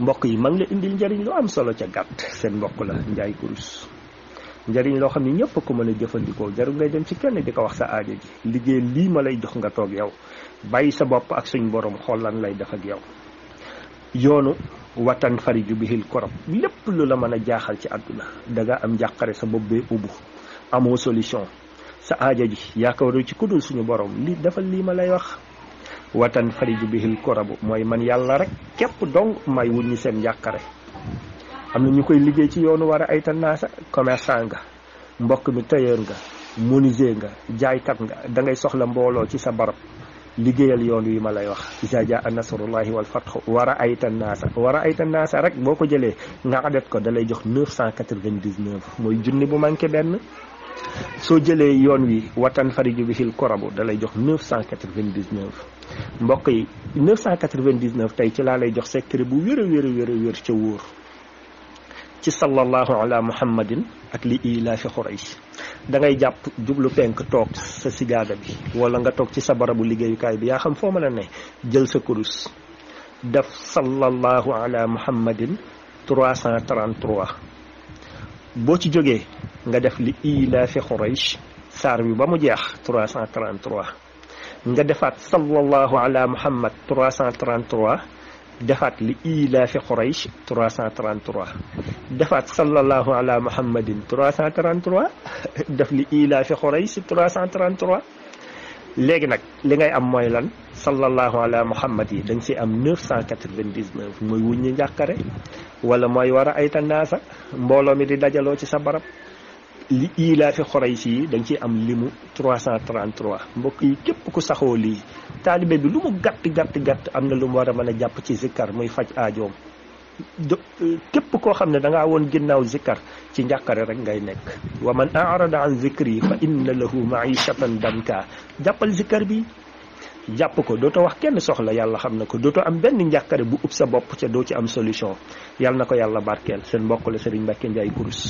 mbokk yi man la indil njariñ lu am solo ca gàtt seen mbokk la njaay kurus njariñ loo xam ne ñëpp ko mën a jëfandikoo jaru ngay dem ci kenn di ko wax sa aajo ji liggéey lii ma lay jox nga toog yow bàyyi sa bopp ak suñ borom xool lan lay def ak yow yoonu watan fariju bihil korob lépp lu la mën a jaaxal ci àdduna da nga am njàqare sa bopp bee ubbu amoo solution sa aajo ji yaakaaru ci kudul suñu borom li defal lii ma lay wax watan fariju bihil korabu mooy man yàlla rek képp dong may wuññi seen njàqare am na ñu koy liggéey ci yoonu war a ay tannaasa commerçant nga mbokk mi tailleur nga menuisier nga jaaykat nga da ngay soxla mbooloo ci sa barab liggéeyal yoon wi ma lay wax isa jaa nasrullahi wal fathu war a ay tannaasa war a ay tannaasa rek boo ko jëlee nga adet ko da lay jox 999 mooy junni bu manqué benn soo jëlee yoon wi watan fariju bi xil korabu da lay jox 999 mbokk yi 999 tey ci laa lay jox secret bu wér a wér a wér a wér ca wóor ci sallallahu ala muhammadin ak li ilaafi xuraysh da ngay jàpp jublu penk toog sa sijaada bi wala nga toog ci sa barabu liggéeyukaay bi yaa xam foo ma a ne jël sa kurus def sallallahu ala muhammadin 333 boo ci jógee nga def li ila fi quraish sar bi ba mu jeex 333 nga defat sallallahu ala muhammad 333 defat li ila fi quraish 333 defat sallallahu ala muhammadin 333 def li ila fi quraish 333 léegi nak li ngay am moy lan sallallahu ala muhammad yi dañ ci am 999 moy wuñu ñakare wala moy wara ay tanasa mbolo mi di dajalo ci sa barab li ilaafi Quraysh yi dañ ciy am limu 333 mbokk yi képp ku saxoo lii taalibe bi lu mu gàtt gàtt gàtt am na lu mu war a mën a jàpp ci zikkar muy faj aajoom képp koo xam ne danga ngaa woon ginnaaw zikkar ci njàqare rek ngay nekk wa man arada an zikri fa inna lahu maishatan danka jàppal zikkar bi jàpp ko dootoo wax kenn soxla yàlla xam na ko dootoo am benn njàqare bu ub sa bopp ca doo ci am solution yàlla na ko yàlla barkeel seen mbokk la Serigne Mbacke Ndiaye Kourous